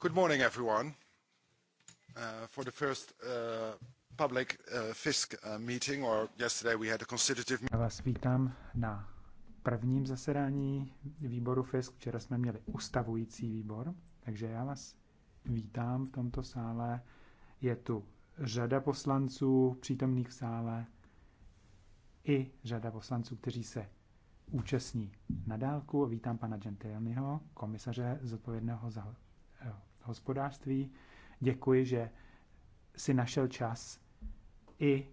Good morning, everyone. Uh, for the first uh, public uh, fisc meeting, or yesterday we had a constitutive meeting. Vás vítám na prvním zasedání výboru FiSC. Včera jsme měli ustavující výbor, takže já vás vítám v tomto sále. Je tu řada poslanců přítomných v sále i řada poslanců, kteří se účastní na dálku. Vítám pana Gentilonyho, komisaře zodpovědného za hospodářství. Děkuji, že si našel čas i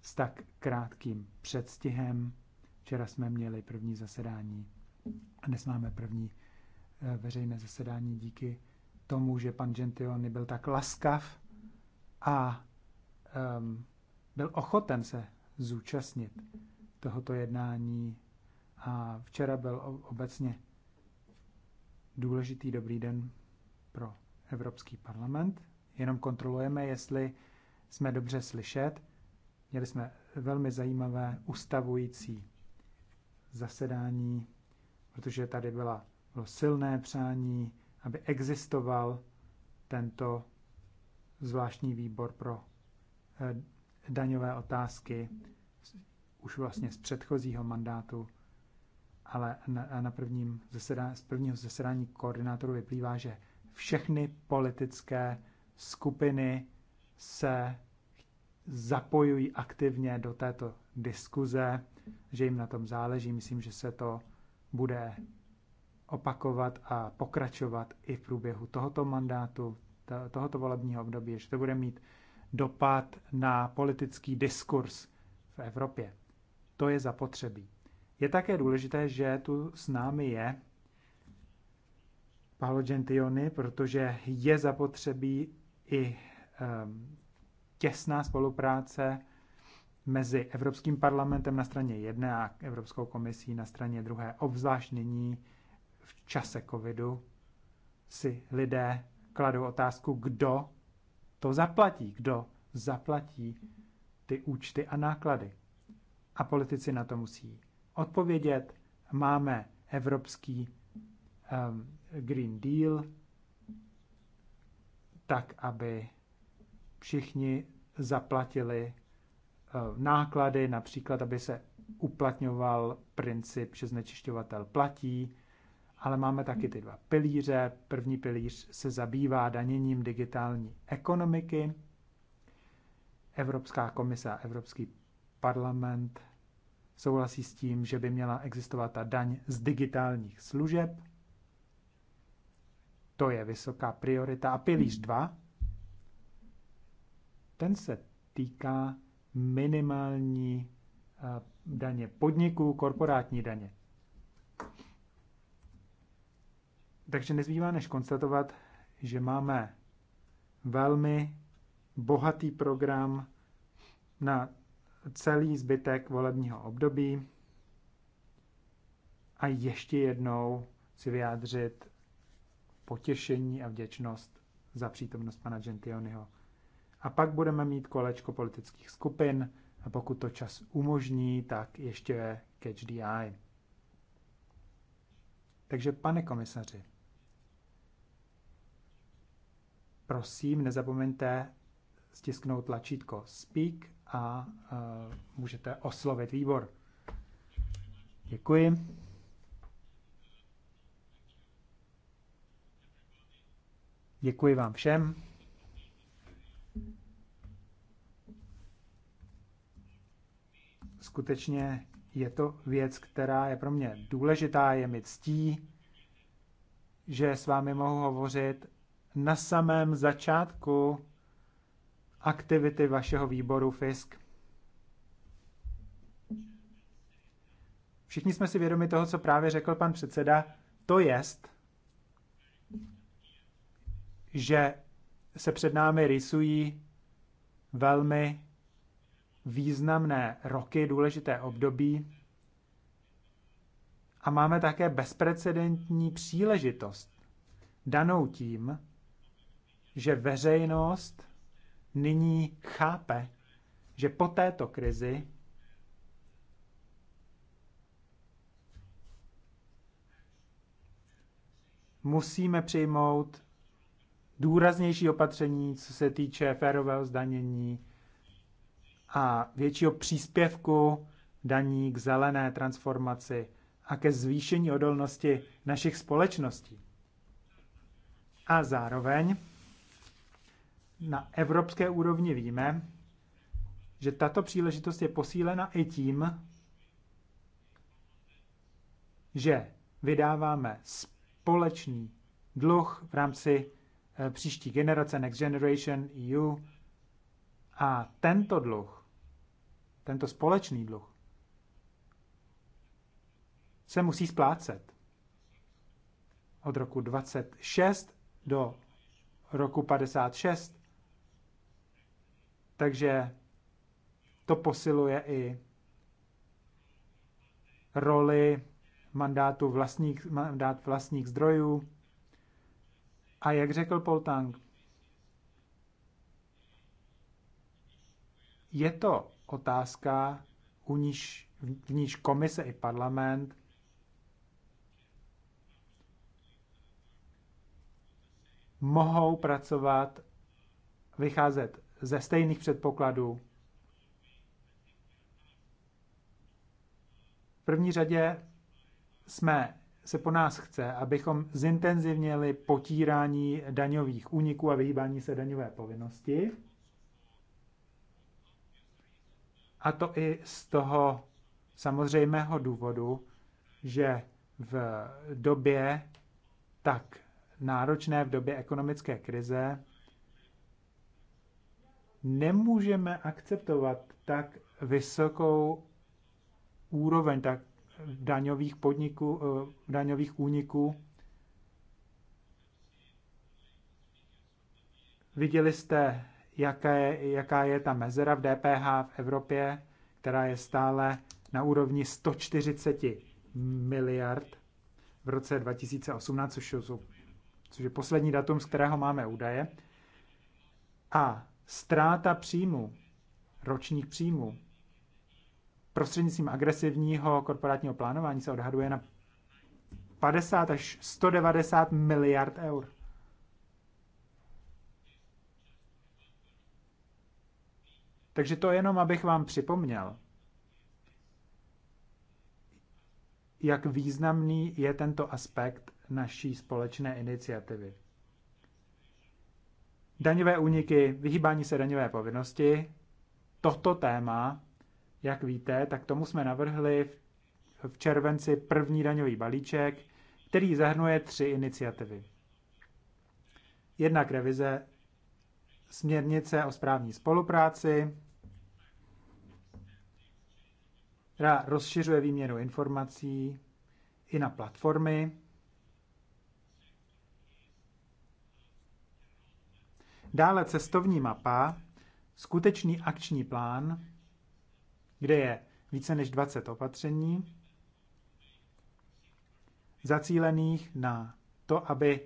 s tak krátkým předstihem. Včera jsme měli první zasedání a dnes máme první eh, veřejné zasedání díky tomu, že pan Gentioni byl tak laskav a um, byl ochoten se zúčastnit tohoto jednání. A včera byl obecně důležitý dobrý den pro Evropský parlament, jenom kontrolujeme, jestli jsme dobře slyšet. Měli jsme velmi zajímavé ustavující zasedání, protože tady byla, bylo silné přání, aby existoval tento zvláštní výbor pro eh, daňové otázky už vlastně z předchozího mandátu, ale na, na prvním zasedání z prvního zasedání koordinátoru vyplývá, že všechny politické skupiny se zapojují aktivně do této diskuze, že jim na tom záleží. Myslím, že se to bude opakovat a pokračovat i v průběhu tohoto mandátu, tohoto volebního období, že to bude mít dopad na politický diskurs v Evropě. To je zapotřebí. Je také důležité, že tu s námi je Paolo Gentioni, protože je zapotřebí i um, těsná spolupráce mezi Evropským parlamentem na straně jedné a Evropskou komisí na straně druhé. Obzvlášť nyní v čase covidu si lidé kladou otázku, kdo to zaplatí, kdo zaplatí ty účty a náklady. A politici na to musí odpovědět. Máme evropský um, Green Deal, tak aby všichni zaplatili eh, náklady, například aby se uplatňoval princip, že znečišťovatel platí, ale máme taky ty dva pilíře. První pilíř se zabývá daněním digitální ekonomiky. Evropská komise a Evropský parlament souhlasí s tím, že by měla existovat ta daň z digitálních služeb. To je vysoká priorita. A pilíř 2, ten se týká minimální eh, daně podniků, korporátní daně. Takže nezbývá než konstatovat, že máme velmi bohatý program na celý zbytek volebního období. A ještě jednou si vyjádřit potěšení a vděčnost za přítomnost pana Gentionyho. A pak budeme mít kolečko politických skupin a pokud to čas umožní, tak ještě catch the eye. Takže pane komisaři, prosím nezapomeňte stisknout tlačítko Speak a uh, můžete oslovit výbor. Děkuji. Děkuji vám všem. Skutečně je to věc, která je pro mě důležitá, je mi ctí, že s vámi mohu hovořit na samém začátku aktivity vašeho výboru FISK. Všichni jsme si vědomi toho, co právě řekl pan předseda, to jest, že se před námi rysují velmi významné roky, důležité období a máme také bezprecedentní příležitost danou tím, že veřejnost nyní chápe, že po této krizi musíme přijmout důraznější opatření, co se týče férového zdanění a většího příspěvku daní k zelené transformaci a ke zvýšení odolnosti našich společností. A zároveň na evropské úrovni víme, že tato příležitost je posílena i tím, že vydáváme společný dluh v rámci Eh, příští generace, Next Generation EU. A tento dluh, tento společný dluh, se musí splácet. Od roku 26 do roku 56. Takže to posiluje i roli mandátu vlastních, mandát vlastních zdrojů, a jak řekl Poltang, je to otázka, u níž, v níž komise i parlament mohou pracovat, vycházet ze stejných předpokladů. V první řadě jsme se po nás chce, abychom zintenzivněli potírání daňových úniků a vyhýbání se daňové povinnosti. A to i z toho samozřejmého důvodu, že v době tak náročné, v době ekonomické krize, nemůžeme akceptovat tak vysokou úroveň, tak daňových podniků, eh, daňových úniků. Viděli jste, jaké, jaká je ta mezera v DPH v Evropě, která je stále na úrovni 140 miliard v roce 2018, což, jsou, což je poslední datum, z kterého máme údaje. A ztráta příjmu, ročních příjmů, prostřednictvím agresivního korporátního plánování se odhaduje na 50 až 190 miliard eur. Takže to jenom, abych vám připomněl, jak významný je tento aspekt naší společné iniciativy. Daňové úniky, vyhýbání se daňové povinnosti, toto téma jak víte, tak tomu jsme navrhli v červenci první daňový balíček, který zahrnuje tři iniciativy. Jednak revize směrnice o správní spolupráci, která rozšiřuje výměnu informací i na platformy. Dále cestovní mapa, skutečný akční plán kde je více než 20 opatření zacílených na to, aby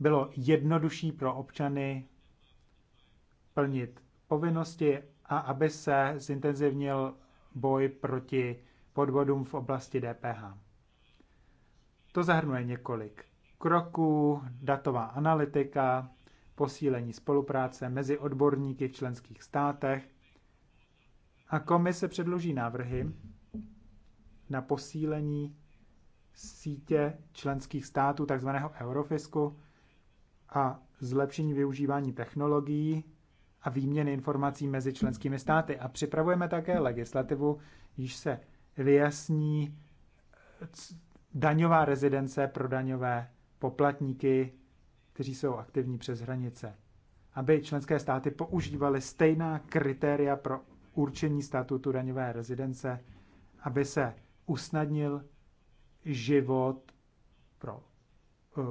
bylo jednodušší pro občany plnit povinnosti a aby se zintenzivnil boj proti podvodům v oblasti DPH. To zahrnuje několik kroků, datová analytika, posílení spolupráce mezi odborníky v členských státech, a komise předloží návrhy na posílení sítě členských států, takzvaného Eurofisku, a zlepšení využívání technologií a výměny informací mezi členskými státy. A připravujeme také legislativu, již se vyjasní daňová rezidence pro daňové poplatníky, kteří jsou aktivní přes hranice. Aby členské státy používaly stejná kritéria pro určení statutu daňové rezidence, aby se usnadnil život pro uh,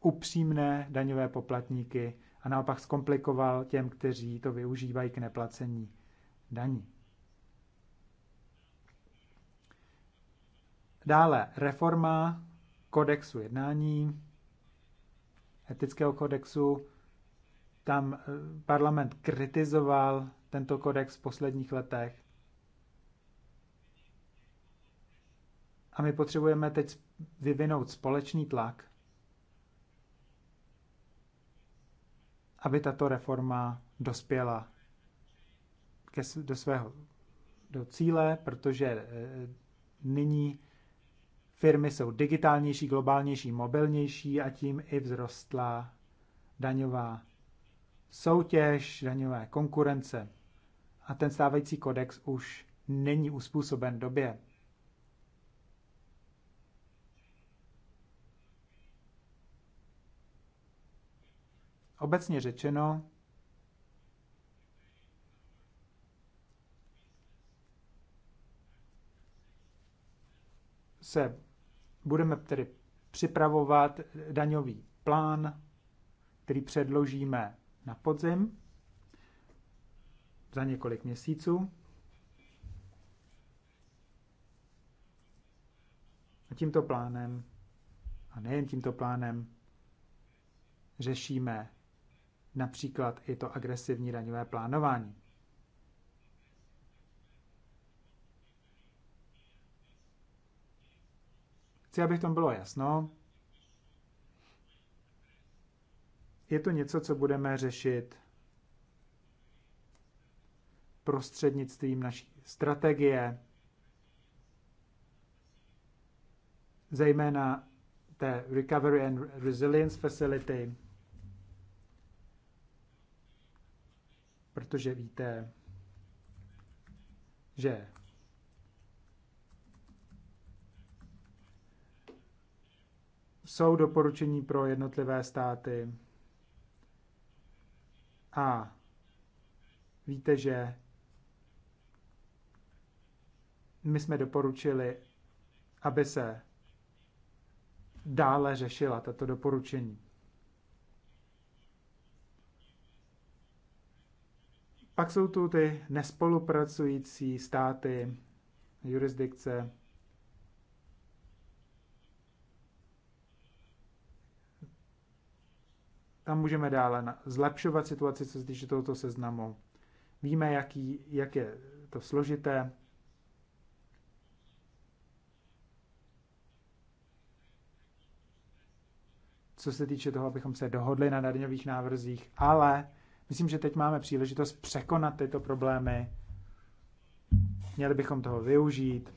upřímné daňové poplatníky a naopak zkomplikoval těm, kteří to využívají k neplacení daní. Dále reforma kodexu jednání, etického kodexu. Tam eh, parlament kritizoval tento kodex v posledních letech. A my potřebujeme teď vyvinout společný tlak, aby tato reforma dospěla ke, do svého do cíle, protože e, nyní firmy jsou digitálnější, globálnější, mobilnější a tím i vzrostla daňová soutěž, daňové konkurence a ten stávající kodex už není uspůsoben době. Obecně řečeno, se budeme tedy připravovat daňový plán, který předložíme na podzim za několik měsíců. A tímto plánem, a nejen tímto plánem, řešíme například i to agresivní daňové plánování. Chci, aby v tom bylo jasno. Je to něco, co budeme řešit prostřednictvím naší strategie, zejména té Recovery and Resilience Facility, protože víte, že jsou doporučení pro jednotlivé státy a víte, že my jsme doporučili, aby se dále řešila tato doporučení. Pak jsou tu ty nespolupracující státy, jurisdikce, tam můžeme dále zlepšovat situaci, co se týče tohoto seznamu. Víme, jaký, jak je to složité, co se týče toho, abychom se dohodli na daňových návrzích, ale myslím, že teď máme příležitost překonat tyto problémy. Měli bychom toho využít.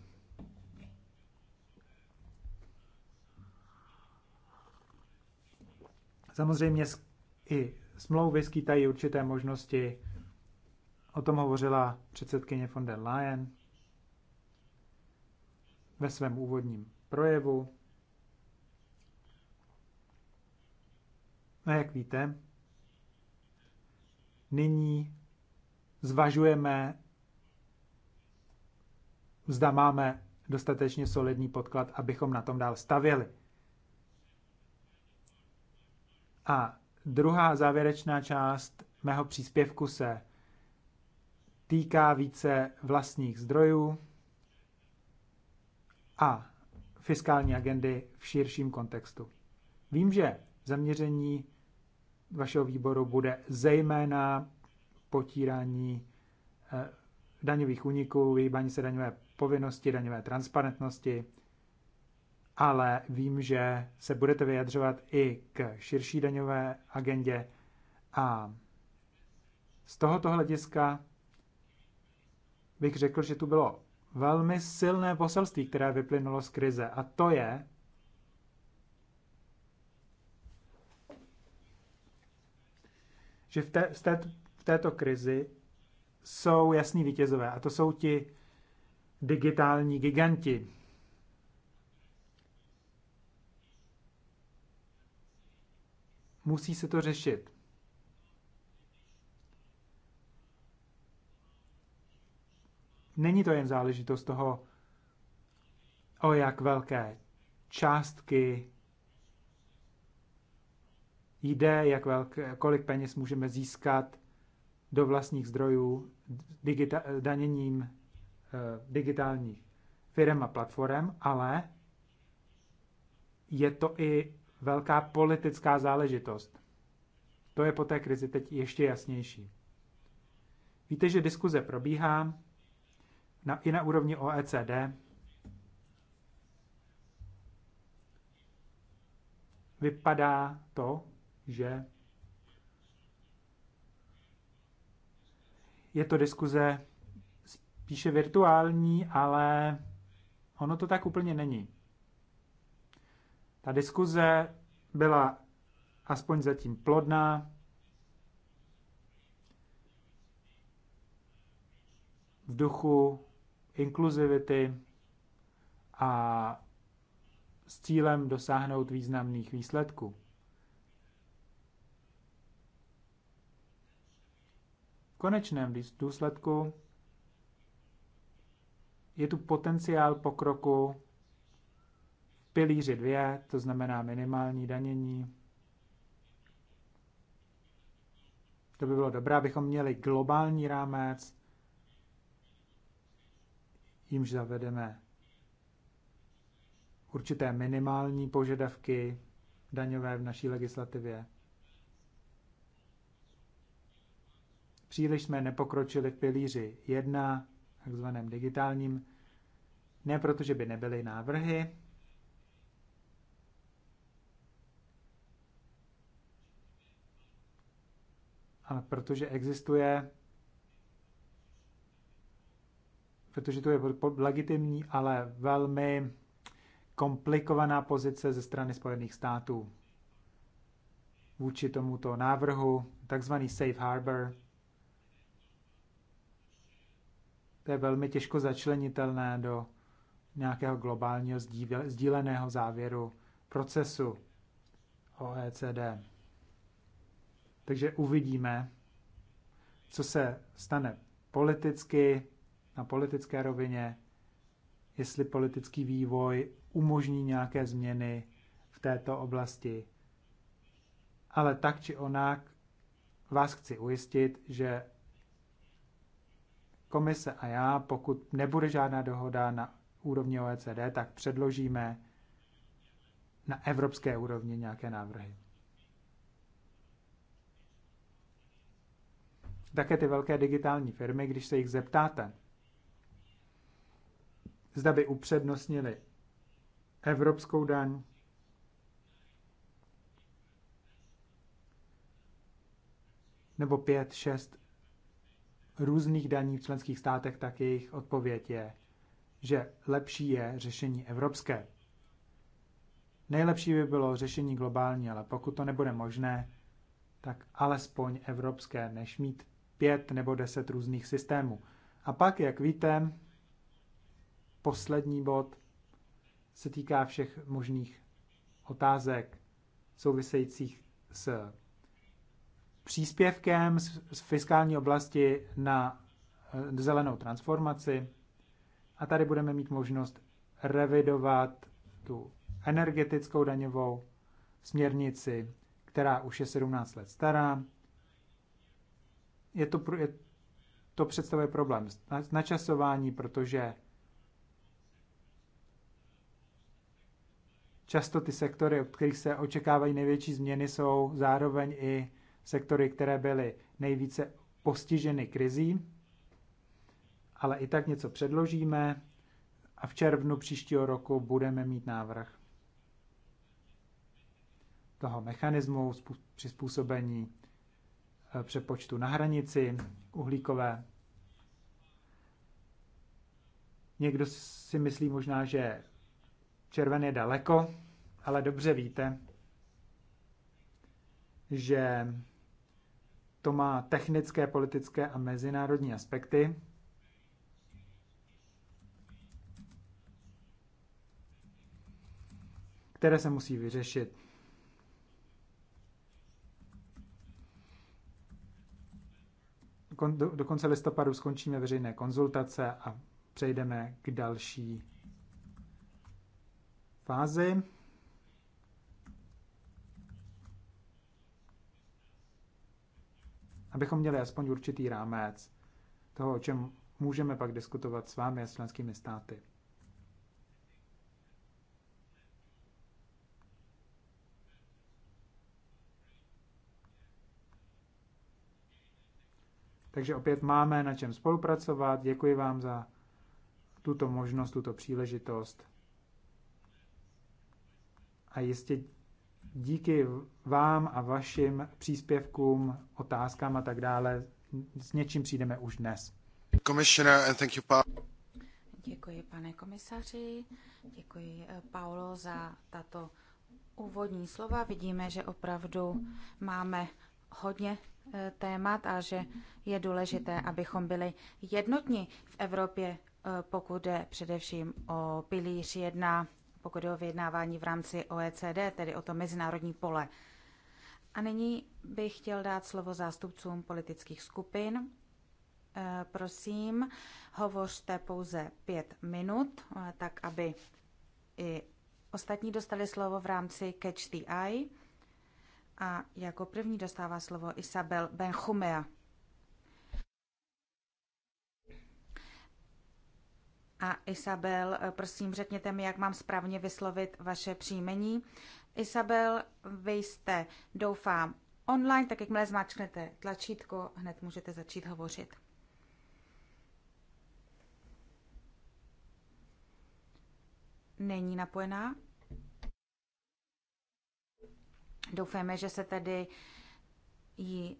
Samozřejmě i smlouvy skýtají určité možnosti. O tom hovořila předsedkyně von der Leyen ve svém úvodním projevu. A no, jak víte, nyní zvažujeme, zda máme dostatečně solidní podklad, abychom na tom dál stavěli. A druhá závěrečná část mého příspěvku se týká více vlastních zdrojů a fiskální agendy v širším kontextu. Vím, že zaměření vašeho výboru bude zejména potírání eh, daňových úniků, vyhýbání se daňové povinnosti, daňové transparentnosti, ale vím, že se budete vyjadřovat i k širší daňové agendě a z tohoto hlediska bych řekl, že tu bylo velmi silné poselství, které vyplynulo z krize a to je, že v, té, v, té, v této krizi jsou jasní vítězové a to jsou ti digitální giganti. Musí se to řešit. Není to jen záležitost toho, o jak velké částky jde, jak velké, kolik peněz můžeme získat do vlastních zdrojů digita, daněním e, digitálních firm a platform, ale je to i velká politická záležitost. To je po té krizi teď ještě jasnější. Víte, že diskuze probíhá na, i na úrovni OECD. Vypadá to, že je to diskuze spíše virtuální, ale ono to tak úplně není. Ta diskuze byla aspoň zatím plodná. V duchu inkluzivity a s cílem dosáhnout významných výsledků. konečném důsledku je tu potenciál pokroku v pilíři 2, to znamená minimální danění. To by bylo dobré, abychom měli globální rámec, jimž zavedeme určité minimální požadavky daňové v naší legislativě. Příliš jsme nepokročili v pilíři 1, takzvaném digitálním, ne protože by nebyly návrhy, ale protože existuje, protože to je legitimní, ale velmi komplikovaná pozice ze strany Spojených států vůči tomuto návrhu, takzvaný safe harbor, to je velmi těžko začlenitelné do nějakého globálního sdíleného závěru procesu OECD. Takže uvidíme, co se stane politicky, na politické rovině, jestli politický vývoj umožní nějaké změny v této oblasti. Ale tak či onak vás chci ujistit, že komise a já, pokud nebude žádná dohoda na úrovni OECD, tak předložíme na evropské úrovni nějaké návrhy. Také ty velké digitální firmy, když se jich zeptáte, zda by upřednostnili evropskou daň nebo 5, 6 různých daní v členských státech, tak jejich odpověď je, že lepší je řešení evropské. Nejlepší by bylo řešení globální, ale pokud to nebude možné, tak alespoň evropské, než mít pět nebo deset různých systémů. A pak, jak víte, poslední bod se týká všech možných otázek souvisejících s příspěvkem z fiskální oblasti na eh, zelenou transformaci. A tady budeme mít možnost revidovat tu energetickou daňovou směrnici, která už je 17 let stará. Je to, je, to představuje problém s načasování, protože často ty sektory, od kterých se očekávají největší změny, jsou zároveň i sektory, které byly nejvíce postiženy krizí, ale i tak něco předložíme a v červnu příštího roku budeme mít návrh toho mechanismu přizpůsobení eh, přepočtu na hranici uhlíkové. Někdo si myslí možná, že červen je daleko, ale dobře víte, že to má technické, politické a mezinárodní aspekty. které se musí vyřešit. Do, konce listopadu skončíme veřejné konzultace a přejdeme k další fázi. abychom měli aspoň určitý rámec toho, o čem můžeme pak diskutovat s vámi a s členskými státy. Takže opět máme na čem spolupracovat. Děkuji vám za tuto možnost, tuto příležitost. A jistě díky vám a vašim příspěvkům, otázkám a tak dále s něčím přijdeme už dnes. Děkuji, pane komisaři, děkuji eh, Paulo za tato úvodní slova. Vidíme, že opravdu máme hodně eh, témat a že je důležité, abychom byli jednotní v Evropě, eh, pokud jde především o pilíř 1 pokud je o vyjednávání v rámci OECD, tedy o to mezinárodní pole. A nyní bych chtěl dát slovo zástupcům politických skupin. E, prosím, hovořte pouze pět minut, e, tak aby i ostatní dostali slovo v rámci Catch the Eye. A jako první dostává slovo Isabel Benchumea. A Isabel, eh, prosím, řekněte mi, jak mám správně vyslovit vaše příjmení. Isabel, vy jste, doufám, online, tak jakmile zmáčknete tlačítko, hned můžete začít hovořit. Není napojená. Doufáme, že se tedy ji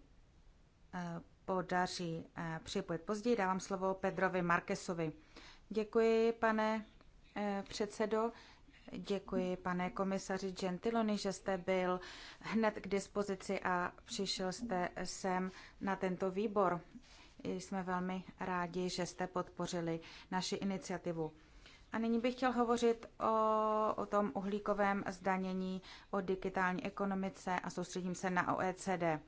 eh, podaří eh, připojit později. Dávám slovo Pedrovi Markesovi. Děkuji, pane eh, předsedo. Děkuji, pane komisaři Gentiloni, že jste byl hned k dispozici a přišel jste sem na tento výbor. Jsme velmi rádi, že jste podpořili naši iniciativu. A nyní bych chtěl hovořit o, o tom uhlíkovém zdanění, o digitální ekonomice a soustředím se na OECD. Eh,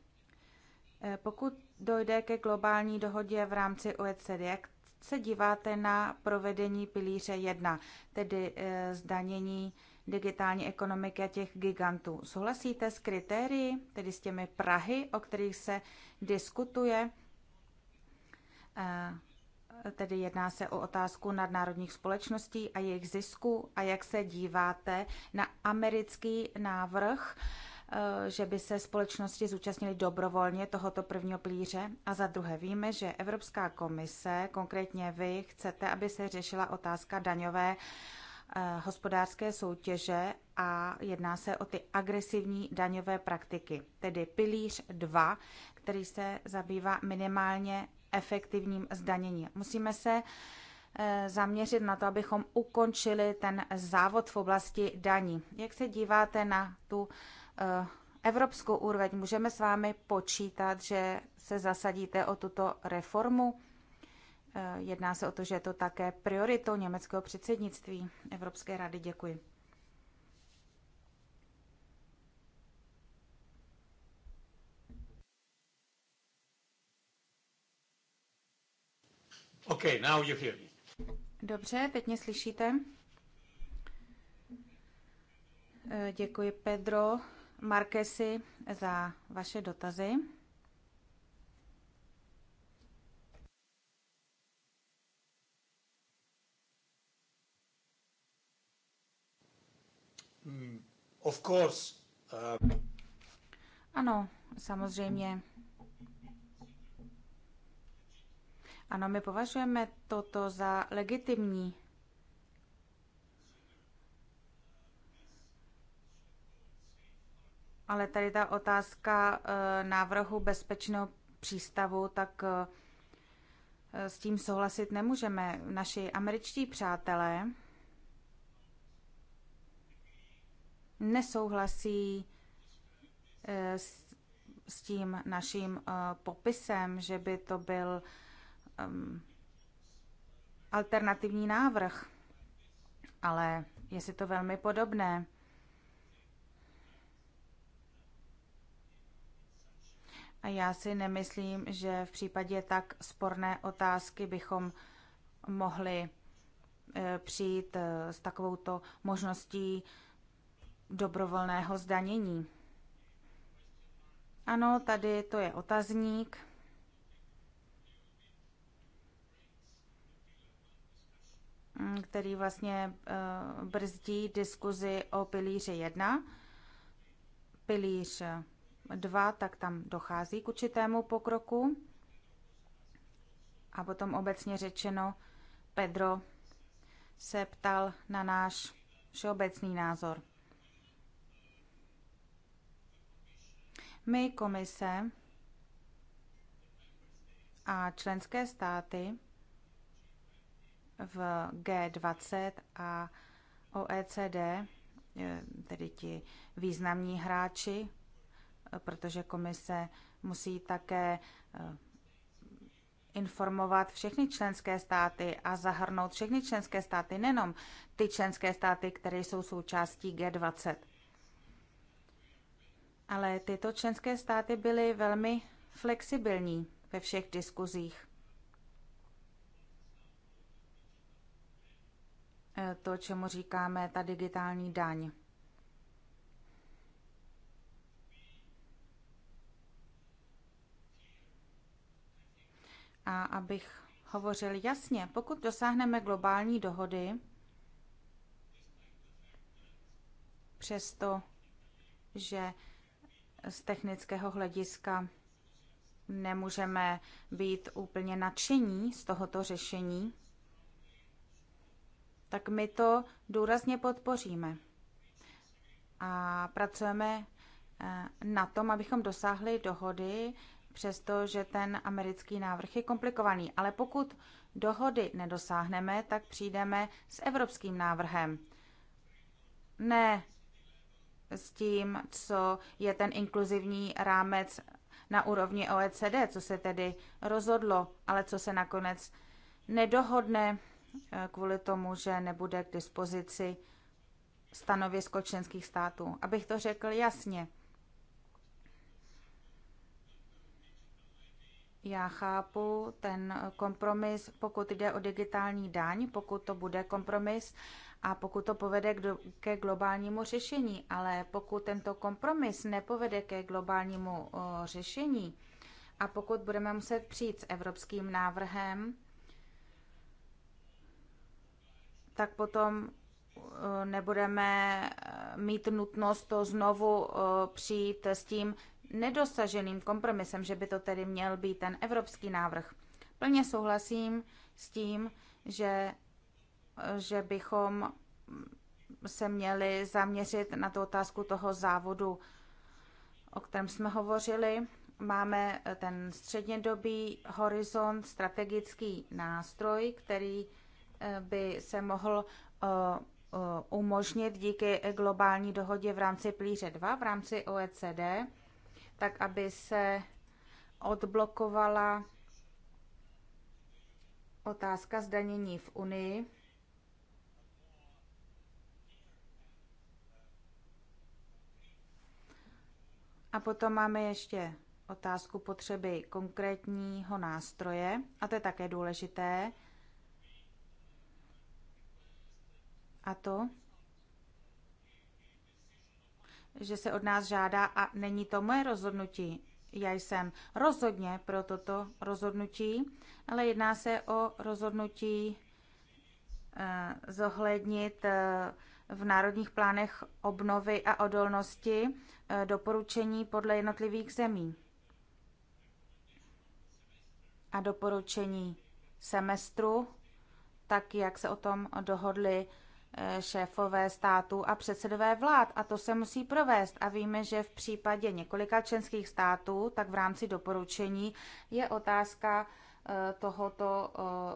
pokud dojde ke globální dohodě v rámci OECD, se díváte na provedení pilíře 1, tedy eh, zdanění digitální ekonomiky a těch gigantů. Souhlasíte s kritérii, tedy s těmi Prahy, o kterých se diskutuje? Eh, tedy jedná se o otázku nadnárodních společností a jejich zisku a jak se díváte na americký návrh Eh, že by se společnosti zúčastnily dobrovolně tohoto prvního pilíře? A za druhé víme, že Evropská komise, konkrétně vy, chcete, aby se řešila otázka daňové eh, hospodářské soutěže a jedná se o ty agresivní daňové praktiky, tedy pilíř 2, který se zabývá minimálně efektivním zdaněním. Musíme se eh, zaměřit na to, abychom ukončili ten závod v oblasti daní. Jak se díváte na tu Eh, evropskou úroveň. Můžeme s vámi počítat, že se zasadíte o tuto reformu? Eh, jedná se o to, že je to také prioritou německého předsednictví Evropské rady. Děkuji. Okay, now you hear me. Dobře, teď mě slyšíte. Eh, děkuji, Pedro. Markesi, za vaše dotazy. Hmm, of course. Uh... Ano, samozřejmě. Ano, my považujeme toto za legitimní Ale tady ta otázka eh, návrhu bezpečného přístavu, tak eh, s tím souhlasit nemůžeme. Naši američtí přátelé nesouhlasí eh, s tím naším popisem, že by to byl ehm, alternativní návrh, ale je si to velmi podobné. A já si nemyslím, že v případě tak sporné otázky bychom mohli eh, přijít eh, s takovouto možností dobrovolného zdanění. Ano, tady to je otazník. Mm, který vlastně eh, brzdí diskuzi o pilíři 1. Pilíř 2, tak tam dochází k určitému pokroku. A potom obecně řečeno, Pedro se ptal na náš všeobecný názor. My, komise a členské státy v G20 a OECD, eh, tedy ti významní hráči protože komise musí také eh, informovat všechny členské státy a zahrnout všechny členské státy, nejenom ty členské státy, které jsou součástí G20. Ale tyto členské státy byly velmi flexibilní ve všech diskuzích. Eh, to, čemu říkáme ta digitální daň. A abych hovořil jasně, pokud dosáhneme globální dohody, přesto, že z technického hlediska nemůžeme být úplně nadšení z tohoto řešení, tak my to důrazně podpoříme. A pracujeme eh, na tom, abychom dosáhli dohody přestože ten americký návrh je komplikovaný. Ale pokud dohody nedosáhneme, tak přijdeme s evropským návrhem. Ne s tím, co je ten inkluzivní rámec na úrovni OECD, co se tedy rozhodlo, ale co se nakonec nedohodne eh, kvůli tomu, že nebude k dispozici stanovisko členských států. Abych to řekl jasně – Já chápu ten kompromis, pokud jde o digitální daň, pokud to bude kompromis a pokud to povede ke globálnímu řešení, ale pokud tento kompromis nepovede ke globálnímu eh, řešení a pokud budeme muset přijít s evropským návrhem, tak potom eh, nebudeme eh, mít nutnost to znovu přijít s tím, nedosaženým kompromisem, že by to tedy měl být ten evropský návrh. Plně souhlasím s tím, že, že bychom se měli zaměřit na tu otázku toho závodu, o kterém jsme hovořili. Máme ten střednědobý horizont, strategický nástroj, který eh, by se mohl eh, eh, umožnit díky globální dohodě v rámci plíře 2, v rámci OECD tak aby se odblokovala otázka zdanění v Unii. A potom máme ještě otázku potřeby konkrétního nástroje, a to je také důležité, a to že se od nás žádá a není to moje rozhodnutí. Já jsem rozhodně pro toto rozhodnutí, ale jedná se o rozhodnutí eh, zohlednit eh, v národních plánech obnovy a odolnosti eh, doporučení podle jednotlivých zemí a doporučení semestru, tak jak se o tom dohodli šéfové států a předsedové vlád a to se musí provést. A víme, že v případě několika členských států, tak v rámci doporučení je otázka eh, tohoto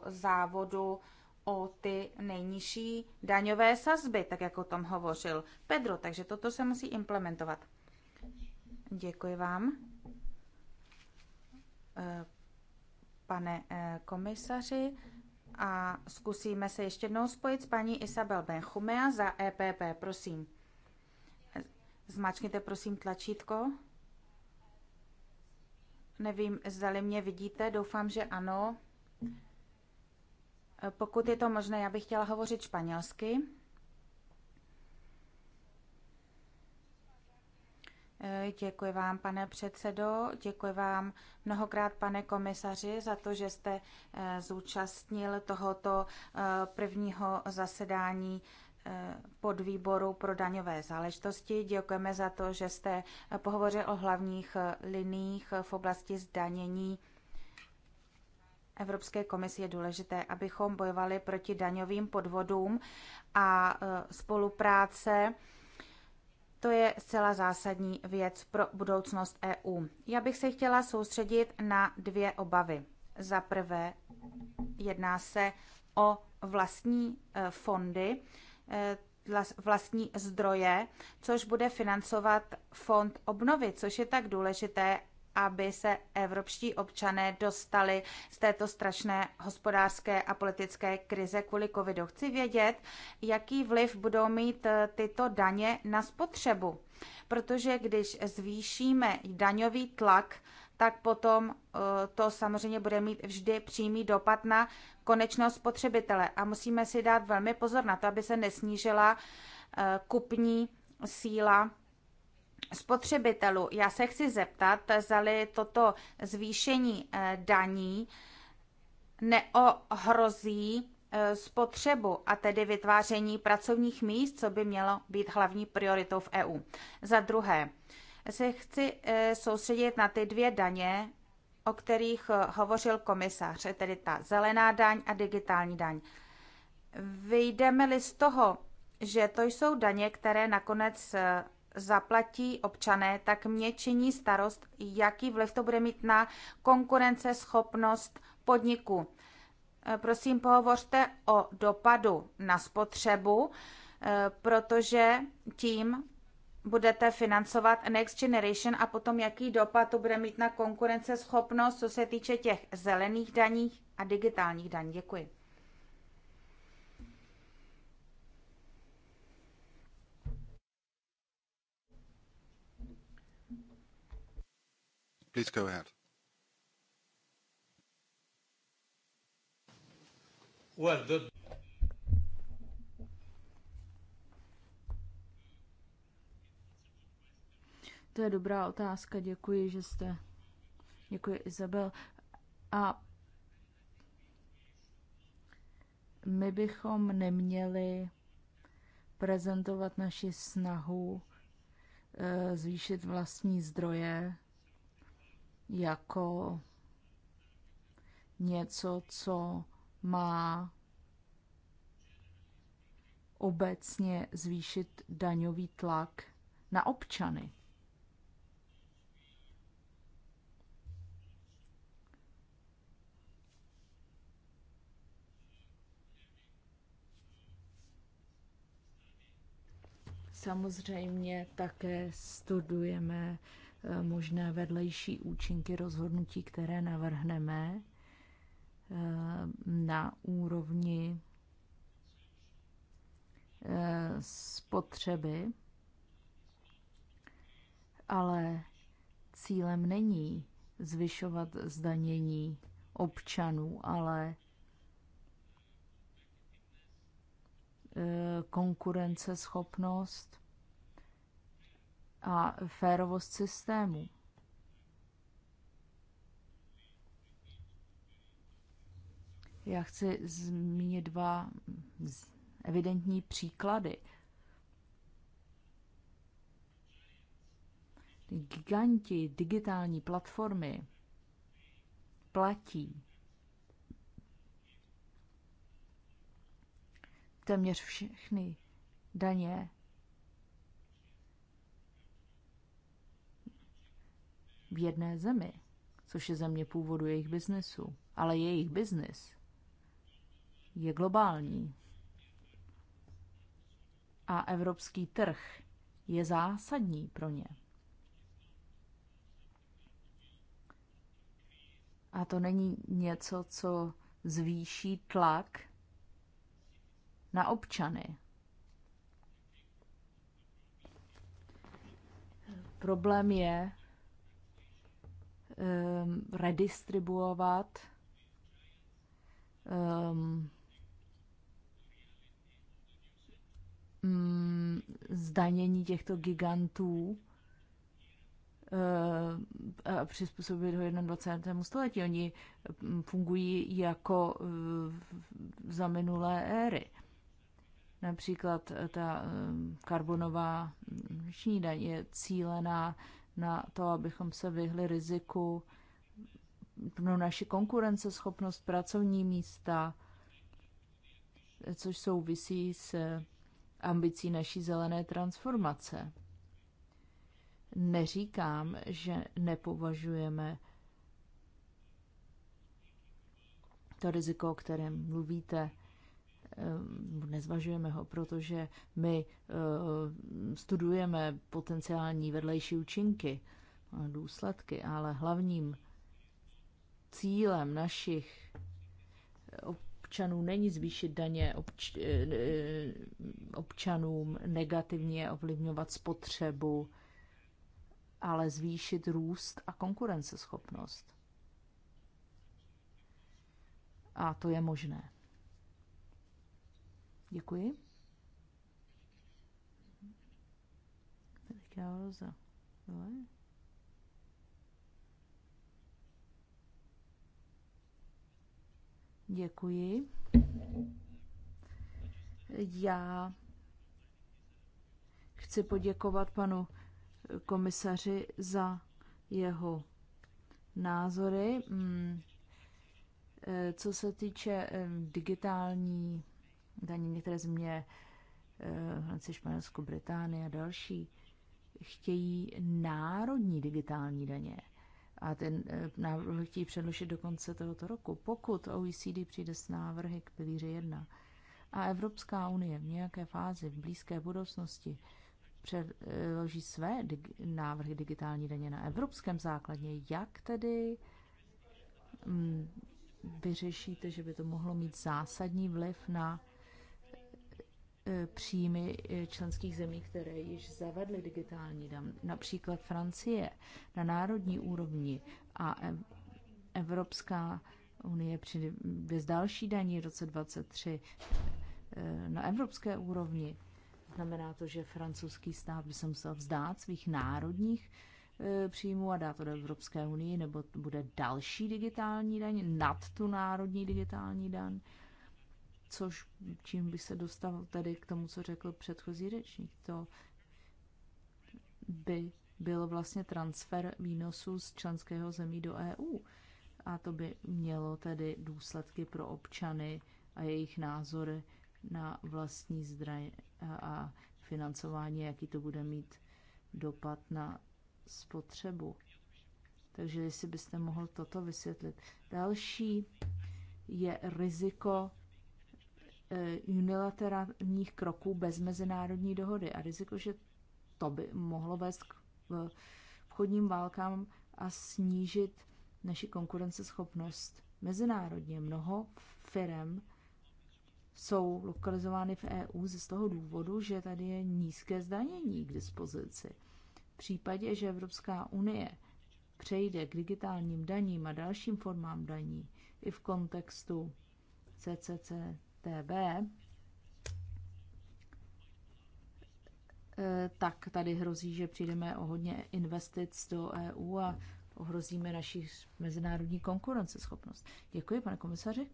eh, závodu o ty nejnižší daňové sazby, tak jak o tom hovořil Pedro, takže toto se musí implementovat. Děkuji vám. Eh, pane komisaři, a zkusíme se ještě jednou spojit s paní Isabel Benchumea za EPP, prosím. Zmačkněte prosím tlačítko. Nevím, zdali mě vidíte, doufám, že ano. Pokud je to možné, já bych chtěla hovořit španělsky. Děkuji vám, pane předsedo, děkuji vám mnohokrát, pane komisaři, za to, že jste eh, zúčastnil tohoto eh, prvního zasedání eh, podvýboru pro daňové záležitosti. Děkujeme za to, že jste pohovořil o hlavních liních v oblasti zdanění. Evropské komisi je důležité, abychom bojovali proti daňovým podvodům a spolupráce to je zcela zásadní věc pro budoucnost EU. Já bych se chtěla soustředit na dvě obavy. Za prvé, jedná se o vlastní e, fondy, e, vlastní zdroje, což bude financovat fond obnovy, což je tak důležité aby se evropští občané dostali z této strašné hospodářské a politické krize kvůli covidu. Chci vědět, jaký vliv budou mít eh, tyto daně na spotřebu, protože když zvýšíme daňový tlak, tak potom eh, to samozřejmě bude mít vždy přímý dopad na konečného spotřebitele. A musíme si dát velmi pozor na to, aby se nesnížila eh, kupní síla spotřebitelů. Já se chci zeptat, zali toto zvýšení eh, daní neohrozí eh, spotřebu a tedy vytváření pracovních míst, co by mělo být hlavní prioritou v EU. Za druhé, se chci eh, soustředit na ty dvě daně, o kterých hovořil komisař, tedy ta zelená daň a digitální daň. Vyjdeme-li z toho, že to jsou daně, které nakonec zaplatí občané, tak mě činí starost, jaký vliv to bude mít na konkurenceschopnost podniku. E, prosím, pohovořte o dopadu na spotřebu, e, protože tím budete financovat Next Generation a potom jaký dopad to bude mít na konkurenceschopnost, co se týče těch zelených daní a digitálních daní. Děkuji. Please go ahead. Well, the... To je dobrá otázka, děkuji, že jste. Děkuji, Izabel. A my bychom neměli prezentovat naši snahu eh, zvýšit vlastní zdroje jako něco, co má obecně zvýšit daňový tlak na občany. Samozřejmě také studujeme možné vedlejší účinky rozhodnutí, které navrhneme eh, na úrovni eh, spotřeby, ale cílem není zvyšovat zdanění občanů, ale eh, konkurenceschopnost a férovost systému. Já chci zmínit dva evidentní příklady. Giganti digitální platformy platí téměř všechny daně v jedné zemi, což je země původu jejich biznesu. Ale jejich biznis je globální. A evropský trh je zásadní pro ně. A to není něco, co zvýší tlak na občany. Problém je, um, redistribuovat um, mm, zdanění těchto gigantů uh, a přizpůsobit ho 21. století. Oni mm, fungují jako uh, za minulé éry. Například ta um, karbonová mm, daň je cílená na to, abychom se vyhli riziku pro naši konkurenceschopnost, pracovní místa, což souvisí s ambicí naší zelené transformace. Neříkám, že nepovažujeme to riziko, o kterém mluvíte, Ehm, nezvažujeme ho, protože my ehm, studujeme potenciální vedlejší účinky, důsledky, ale hlavním cílem našich občanů není zvýšit daně obč- e, e, občanům, negativně ovlivňovat spotřebu, ale zvýšit růst a konkurenceschopnost. A to je možné. Děkuji. Veliká roza. Ale... Děkuji. Já chci poděkovat panu komisaři za jeho názory. Mm, eh, co se týče eh, digitální daní některé země, Francie, eh, Španělsko, Británie a další, chtějí národní digitální daně. A ten eh, návrh chtějí předložit do konce tohoto roku, pokud OECD přijde s návrhy k pilíři 1. A Evropská unie v nějaké fázi, v blízké budoucnosti, předloží své dig- návrhy digitální daně na evropském základě, jak tedy mm, vyřešíte, že by to mohlo mít zásadní vliv na E, příjmy e, členských zemí, které již zavedly digitální dam, například Francie na národní úrovni a Evropská unie přijde bez další daní v roce 23 e, na evropské úrovni. Znamená to, že francouzský stát by se musel vzdát svých národních příjmů a dát to do Evropské unii, nebo bude další digitální daň nad tu národní digitální daň což čím by se dostal tady k tomu, co řekl předchozí řečník. To by byl vlastně transfer výnosů z členského zemí do EU. A to by mělo tedy důsledky pro občany a jejich názory na vlastní zdraje a financování, jaký to bude mít dopad na spotřebu. Takže jestli byste mohl toto vysvětlit. Další je riziko Eh, unilaterálních kroků bez mezinárodní dohody a riziko, že to by mohlo vést k obchodním válkám a snížit naši konkurenceschopnost. Mezinárodně mnoho firm jsou lokalizovány v EU z toho důvodu, že tady je nízké zdanění k dispozici. V případě, že Evropská unie přejde k digitálním daním a dalším formám daní i v kontextu CCC STB, eh, tak tady hrozí, že přijdeme o hodně investic do EU a ohrozíme naši mezinárodní konkurenceschopnost. Děkuji, pane komisaři.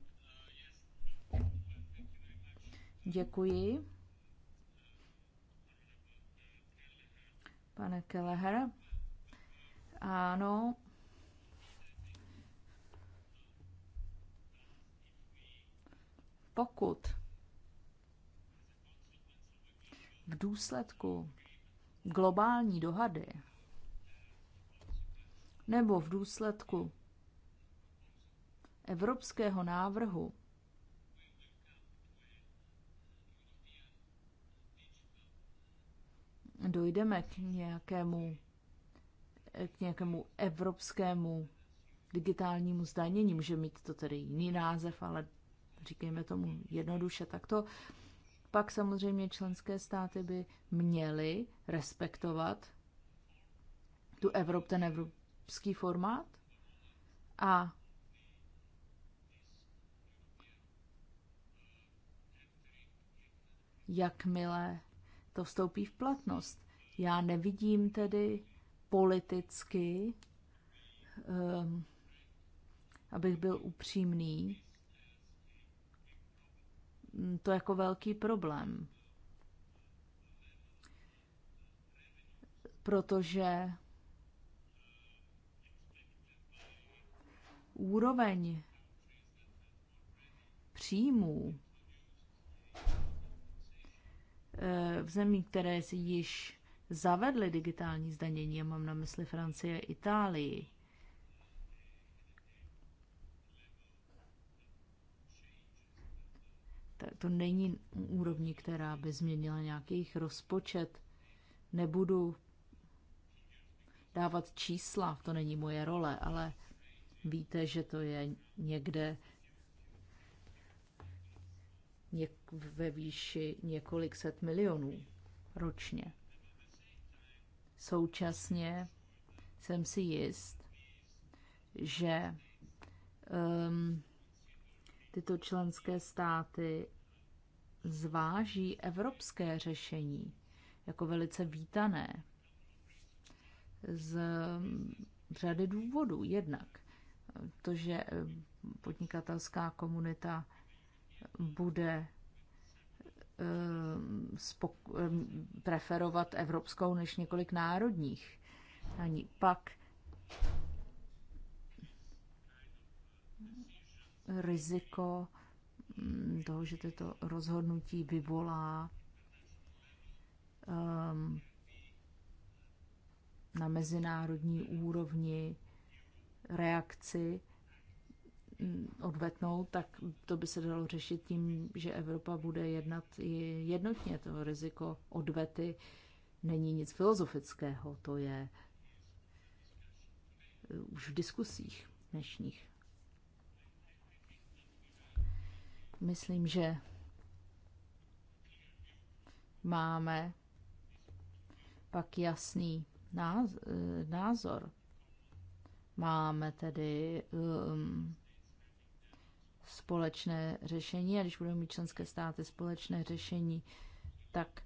Děkuji. Pane Kelehera. Ano, pokud v důsledku globální dohady nebo v důsledku evropského návrhu dojdeme k nějakému, k nějakému evropskému digitálnímu zdanění. Může mít to tedy jiný název, ale říkejme tomu jednoduše takto, pak samozřejmě členské státy by měly respektovat tu Evrop, ten evropský formát a jakmile to vstoupí v platnost. Já nevidím tedy politicky, um, abych byl upřímný, Mm, to jako velký problém. Protože úroveň příjmů eh, v zemí, které si již zavedly digitální zdanění, já mám na mysli Francie a Itálii, to není úrovni, která by změnila nějaký jejich rozpočet. Nebudu dávat čísla, to není moje role, ale víte, že to je někde něk- ve výši několik set milionů ročně. Současně jsem si jist, že um, tyto členské státy zváží evropské řešení jako velice vítané z řady důvodů. Jednak to, že podnikatelská komunita bude eh, eh, preferovat evropskou než několik národních. Ani pak riziko mm, toho, že toto rozhodnutí vyvolá um, na mezinárodní úrovni reakci mm, odvetnou, tak to by se dalo řešit tím, že Evropa bude jednat jednotně. To riziko odvety není nic filozofického, to je eh, už v diskusích dnešních. Myslím, že máme pak jasný eh, názor. Máme tedy um, společné řešení a když budou mít členské státy společné řešení, tak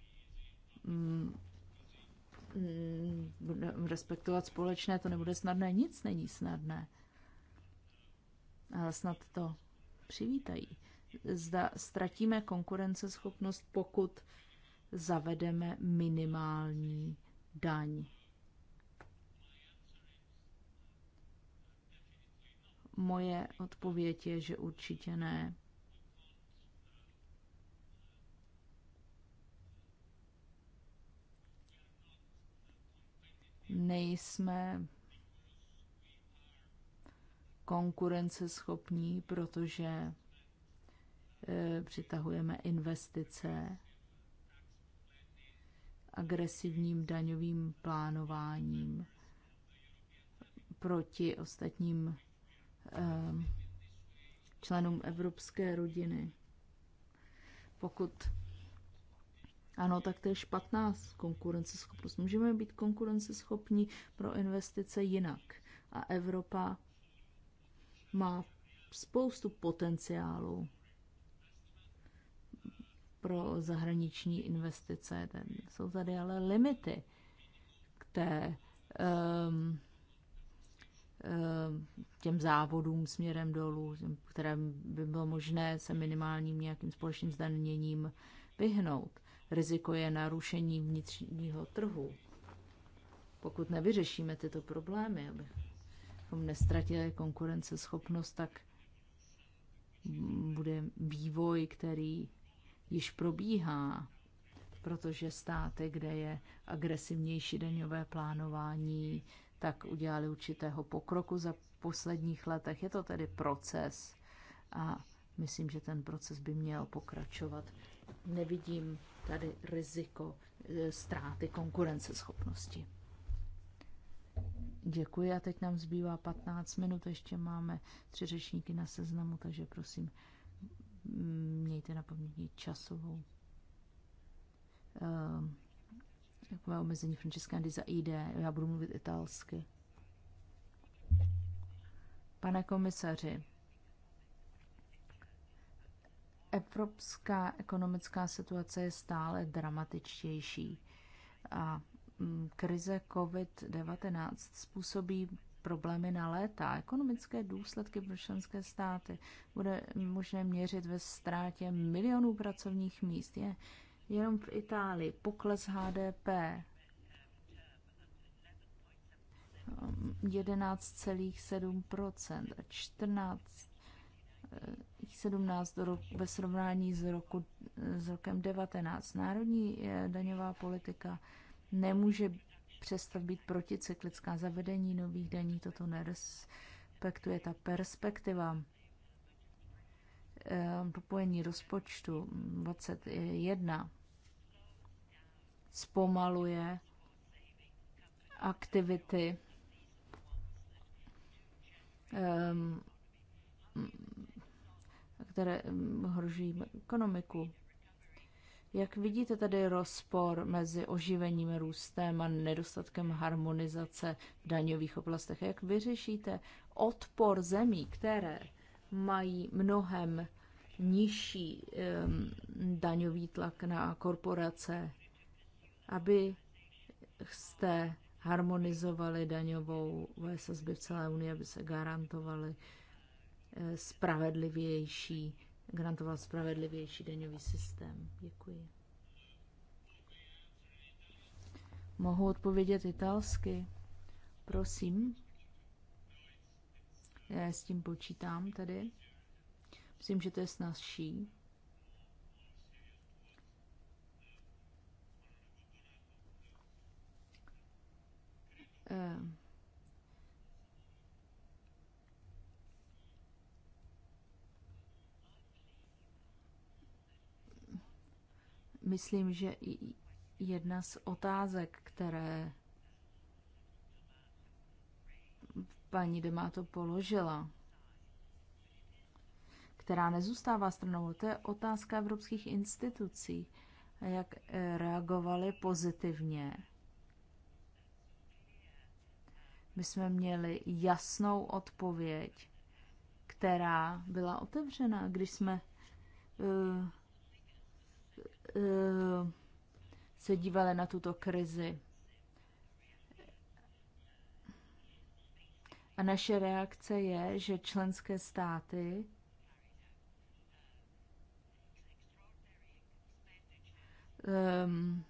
um, respektovat společné, to nebude snadné, nic není snadné. Ale snad to přivítají zda ztratíme konkurenceschopnost, pokud zavedeme minimální daň. Moje odpověď je, že určitě ne. Nejsme konkurenceschopní, protože Eh, přitahujeme investice agresivním daňovým plánováním proti ostatním ehm, členům evropské rodiny. Pokud ano, tak to je špatná konkurenceschopnost. Můžeme být konkurenceschopní pro investice jinak. A Evropa má spoustu potenciálu pro zahraniční investice. Ten, jsou tady ale limity k té, um, ehm, um, ehm, těm závodům směrem dolů, které by bylo možné se minimálním nějakým společným zdaněním vyhnout. Riziko je narušení vnitřního trhu. Pokud nevyřešíme tyto problémy, abychom nestratili konkurenceschopnost, tak bude vývoj, který již probíhá, protože státy, kde je agresivnější daňové plánování, tak udělali určitého pokroku za posledních letech. Je to tedy proces a myslím, že ten proces by měl pokračovat. Nevidím tady riziko e, ztráty konkurenceschopnosti. Děkuji a teď nám zbývá 15 minut, ještě máme tři řečníky na seznamu, takže prosím Mm, mějte na paměti časovou um, takové omezení Francesca Andy za ID, já budu mluvit italsky. Pane komisaři, evropská ekonomická situace je stále dramatičtější a mm, krize COVID-19 způsobí problémy na léta. Ekonomické důsledky pro členské státy bude možné měřit ve ztrátě milionů pracovních míst. Je jenom v Itálii pokles HDP 11,7 a 14 17 eh, ve srovnání s, roku, s rokem 19. Národní eh, daňová politika nemůže přestat být proticyklická. Zavedení nových daní toto nerespektuje. Ta perspektiva ehm, popojení rozpočtu 21 zpomaluje aktivity ehm, které ehm, hroží ekonomiku. Jak vidíte tady rozpor mezi oživením růstem a nedostatkem harmonizace v daňových oblastech? Jak vyřešíte odpor zemí, které mají mnohem nižší um, daňový tlak na korporace, aby jste harmonizovali daňovou sazby v celé Unii, aby se garantovaly eh, spravedlivější garantoval spravedlivější daňový systém. Děkuji. Mohu odpovědět italsky? Prosím. Já s tím počítám tady. Myslím, že to je snazší. Um. myslím, že jedna z otázek, které paní Demato položila, která nezůstává stranou, to je otázka evropských institucí, jak eh, reagovali pozitivně. My jsme měli jasnou odpověď, která byla otevřená, když jsme uh, Eh, se dívali na tuto krizi. A naše reakce je, že členské státy um,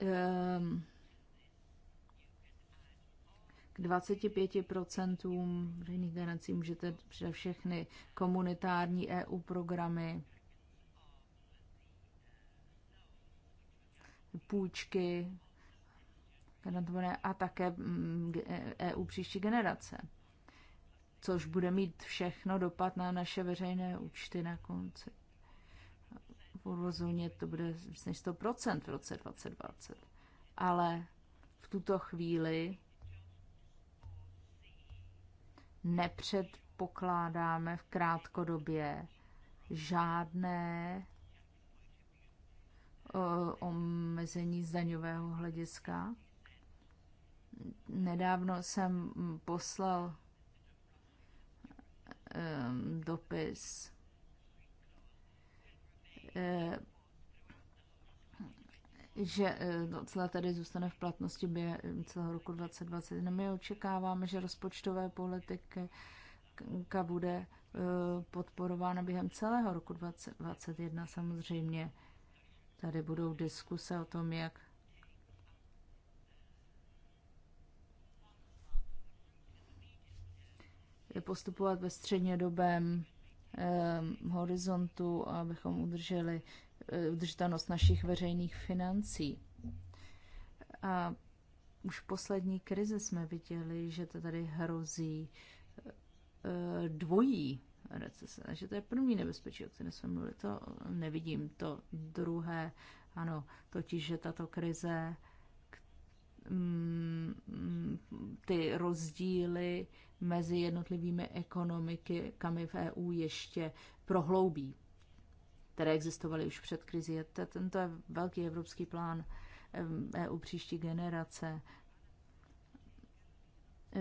um, 25% veřejných garancí můžete pře všechny komunitární EU programy, půjčky, a také mm, EU e příští generace, což bude mít všechno dopad na naše veřejné účty na konci. V to bude víc než 100% v roce 2020. Ale v tuto chvíli nepředpokládáme v krátkodobě žádné eh, omezení zdaňového hlediska. Nedávno jsem poslal eh, dopis eh, že eh, no, cla tady zůstane v platnosti během celého roku 2021. No, my očekáváme, že rozpočtové politiky bude eh, podporována během celého roku 2021. Samozřejmě tady budou diskuse o tom, jak postupovat ve střednědobém eh, horizontu, abychom udrželi Eh, udržitelnost našich veřejných financí. A už v poslední krize jsme viděli, že to tady hrozí eh, dvojí recese. že to je první nebezpečí, o kterém jsme mluvili. To nevidím. To druhé, ano, totiž, že tato krize mm, ty rozdíly mezi jednotlivými ekonomikami v EU ještě prohloubí které existovaly už před krizi. to, tento je velký evropský plán EU e příští generace.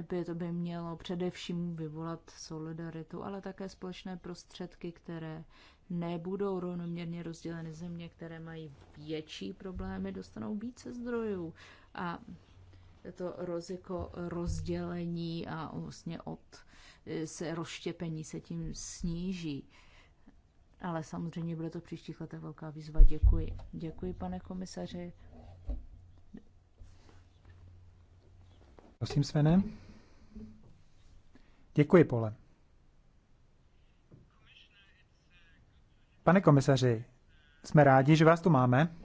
By to by mělo především vyvolat solidaritu, ale také společné prostředky, které nebudou rovnoměrně rozděleny země, které mají větší problémy, dostanou více zdrojů. A to riziko rozdělení a vlastně od e, se rozštěpení se tím sníží ale samozřejmě bude to v příštích letech velká výzva. Děkuji. Děkuji, pane komisaři. Prosím, Svene. Děkuji, Pole. Pane komisaři, jsme rádi, že vás tu máme.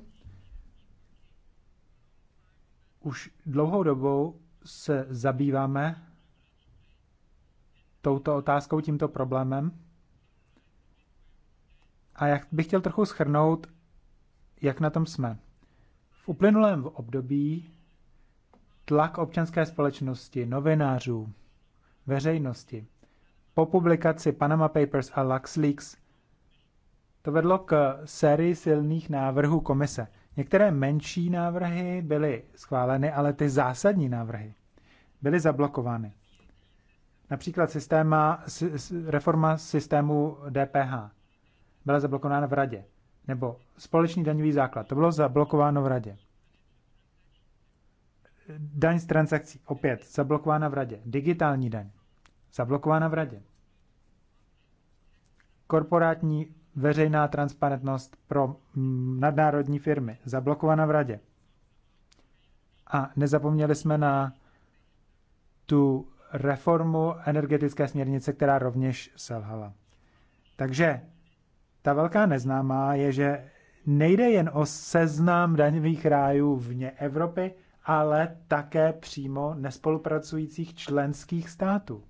Už dlouhou dobou se zabýváme touto otázkou, tímto problémem. A jak bych chtěl trochu schrnout, jak na tom jsme. V uplynulém období tlak občanské společnosti, novinářů, veřejnosti, po publikaci Panama Papers a LuxLeaks to vedlo k sérii silných návrhů komise. Některé menší návrhy byly schváleny, ale ty zásadní návrhy byly zablokovány. Například systéma, reforma systému DPH byla zablokována v radě. Nebo společný daňový základ. To bylo zablokováno v radě. Daň z transakcí. Opět zablokována v radě. Digitální daň. Zablokována v radě. Korporátní veřejná transparentnost pro mm, nadnárodní firmy. Zablokována v radě. A nezapomněli jsme na tu reformu energetické směrnice, která rovněž selhala. Takže ta velká neznámá je, že nejde jen o seznam daňových rájů vně Evropy, ale také přímo nespolupracujících členských států.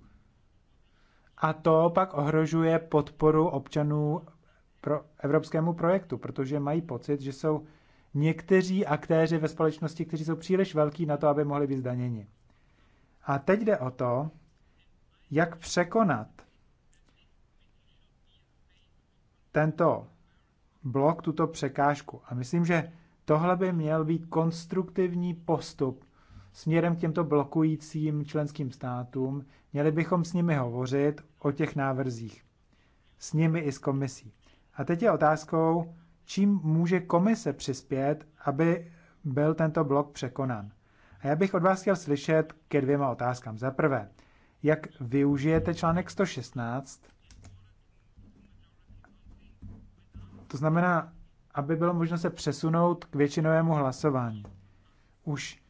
A to pak ohrožuje podporu občanů pro evropskému projektu, protože mají pocit, že jsou někteří aktéři ve společnosti, kteří jsou příliš velký na to, aby mohli být zdaněni. A teď jde o to, jak překonat tento blok, tuto překážku. A myslím, že tohle by měl být konstruktivní postup směrem k těmto blokujícím členským státům. Měli bychom s nimi hovořit o těch návrzích. S nimi i s komisí. A teď je otázkou, čím může komise přispět, aby byl tento blok překonan. A já bych od vás chtěl slyšet ke dvěma otázkám. Za prvé, jak využijete článek 116 To znamená, aby bylo možno se přesunout k většinovému hlasování. Už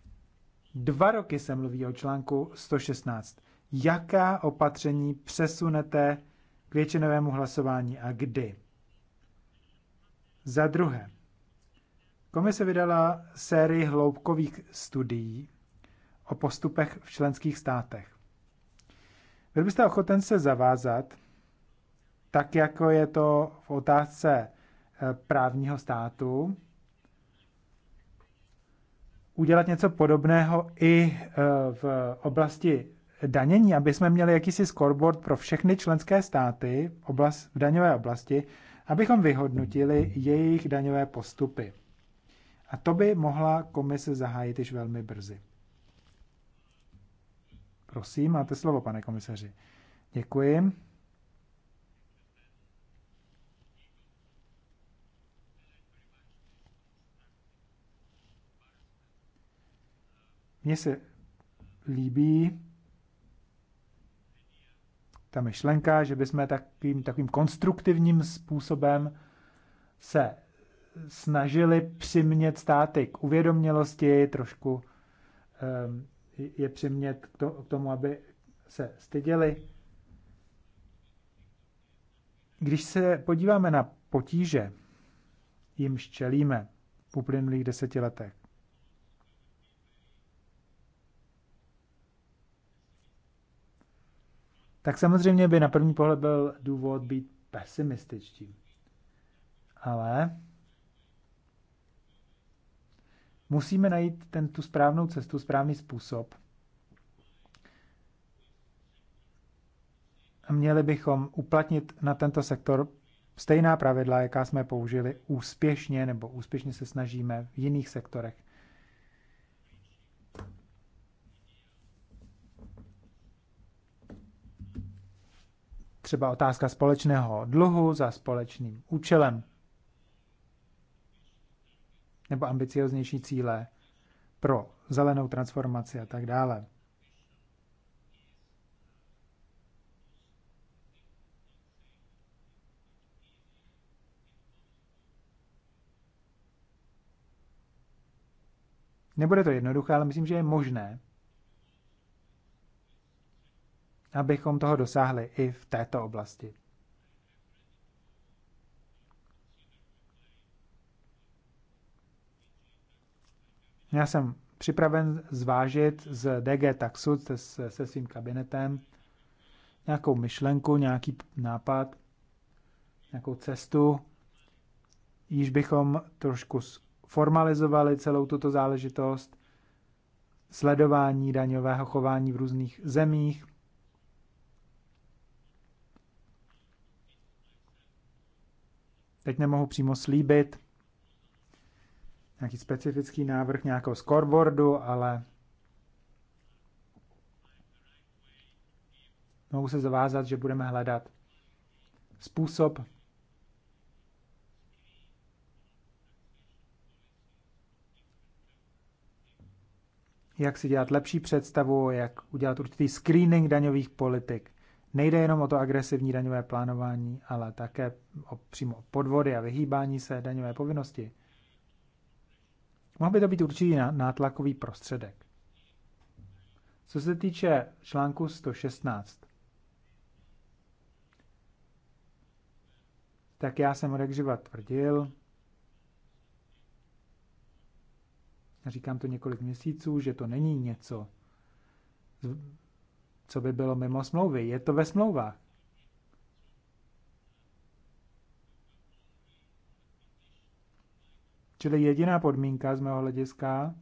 dva roky se mluví o článku 116. Jaká opatření přesunete k většinovému hlasování a kdy? Za druhé, komise vydala sérii hloubkových studií o postupech v členských státech. Byl byste ochoten se zavázat, tak jako je to v otázce právního státu, udělat něco podobného i e, v oblasti danění, aby jsme měli jakýsi scoreboard pro všechny členské státy oblast, v daňové oblasti, abychom vyhodnotili jejich daňové postupy. A to by mohla komise zahájit již velmi brzy. Prosím, máte slovo, pane komisaři. Děkuji. Mně se líbí ta myšlenka, že bychom takým, takým konstruktivním způsobem se snažili přimět státy k uvědomělosti, trošku ehm, je přimět k tomu, aby se styděli. Když se podíváme na potíže, jim čelíme v uplynulých deseti letech, tak samozřejmě by na první pohled byl důvod být pesimističtí. Ale musíme najít ten, tu správnou cestu, správný způsob. A měli bychom uplatnit na tento sektor stejná pravidla, jaká jsme použili úspěšně nebo úspěšně se snažíme v jiných sektorech. třeba otázka společného dluhu za společným účelem nebo ambicioznější cíle pro zelenou transformaci a tak dále. Nebude to jednoduché, ale myslím, že je možné abychom toho dosáhli i v této oblasti. Já jsem připraven zvážit z DG Taxu se, se svým kabinetem nějakou myšlenku, nějaký nápad, nějakou cestu, již bychom trošku formalizovali celou tuto záležitost, sledování daňového chování v různých zemích, Teď nemohu přímo slíbit nějaký specifický návrh nějakého scoreboardu, ale mohu se zavázat, že budeme hledat způsob, jak si dělat lepší představu, jak udělat určitý screening daňových politik. Nejde jenom o to agresivní daňové plánování, ale také o přímo podvody a vyhýbání se daňové povinnosti. Mohl by to být určitý nátlakový prostředek. Co se týče článku 116, tak já jsem odekřiva tvrdil, říkám to několik měsíců, že to není něco, co by bylo mimo smlouvy. Je to ve smlouvách. Čili jediná podmínka z mého hlediska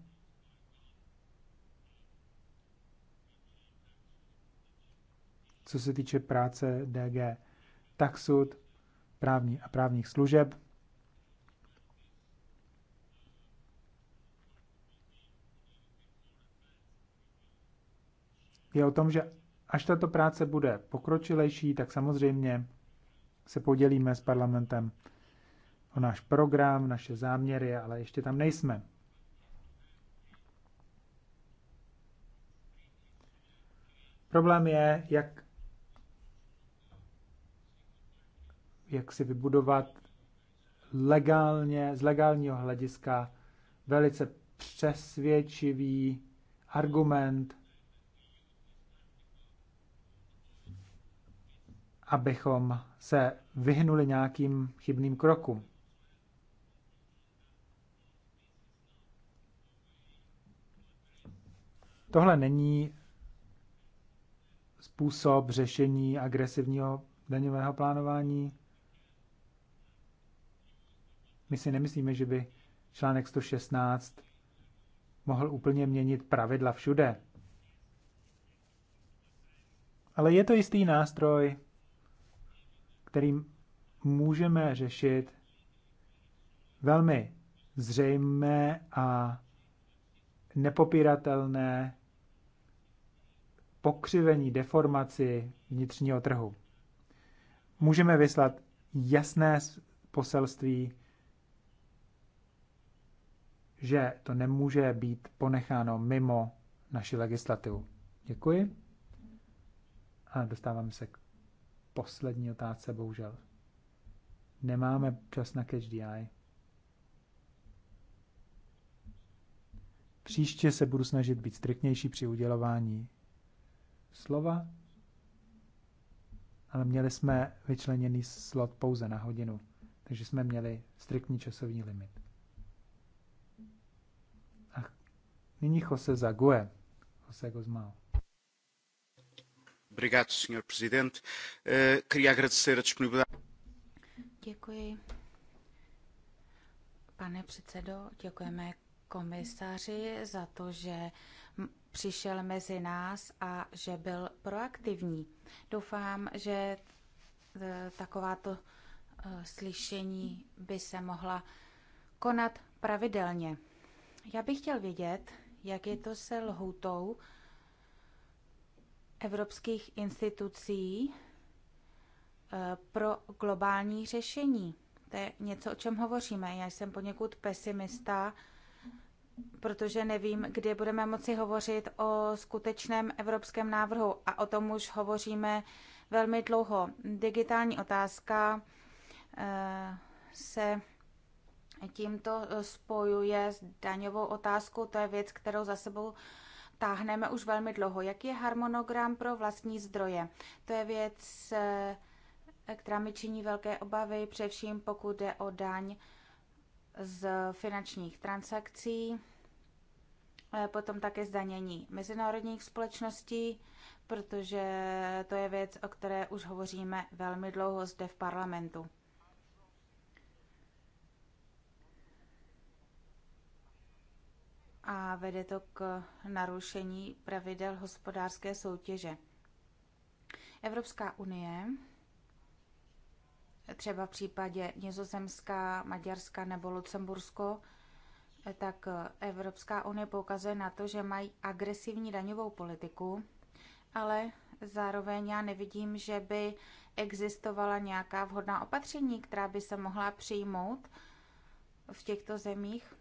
co se týče práce DG sud, právní a právních služeb, je o tom, že až tato práce bude pokročilejší, tak samozřejmě se podělíme s parlamentem o náš program, naše záměry, ale ještě tam nejsme. Problém je, jak, jak si vybudovat legálně, z legálního hlediska velice přesvědčivý argument abychom se vyhnuli nějakým chybným krokům. Tohle není způsob řešení agresivního daňového plánování. My si nemyslíme, že by článek 116 mohl úplně měnit pravidla všude. Ale je to jistý nástroj, kterým můžeme řešit velmi zřejmé a nepopiratelné pokřivení, deformaci vnitřního trhu. Můžeme vyslat jasné poselství, že to nemůže být ponecháno mimo naši legislativu. Děkuji. A dostáváme se k poslední otázce, bohužel. Nemáme čas na catch the eye. Příště se budu snažit být striktnější při udělování slova, ale měli jsme vyčleněný slot pouze na hodinu, takže jsme měli striktní časový limit. A nyní Jose Zague, Jose Gozmao. Obrigado, Sr. Presidente. Uh, queria agradecer a disponibilidade. Děkuji. Pane předsedo, děkujeme komisaři za to, že přišel mezi nás a že byl proaktivní. Doufám, že e, takováto e, slyšení by se mohla konat pravidelně. Já bych chtěl vědět, jak je to se lhoutou evropských institucí eh, pro globální řešení. To je něco, o čem hovoříme. Já jsem poněkud pesimista, protože nevím, kdy budeme moci hovořit o skutečném evropském návrhu a o tom už hovoříme velmi dlouho. Digitální otázka eh, se tímto spojuje s daňovou otázkou. To je věc, kterou za sebou táhneme už velmi dlouho. Jaký je harmonogram pro vlastní zdroje? To je věc, eh, která mi činí velké obavy, především pokud jde o daň z finančních transakcí, eh, potom také zdanění mezinárodních společností, protože to je věc, o které už hovoříme velmi dlouho zde v parlamentu. a vede to k narušení pravidel hospodářské soutěže. Evropská unie, třeba v případě Nizozemská, Maďarska nebo Lucembursko, tak Evropská unie poukazuje na to, že mají agresivní daňovou politiku, ale zároveň já nevidím, že by existovala nějaká vhodná opatření, která by se mohla přijmout v těchto zemích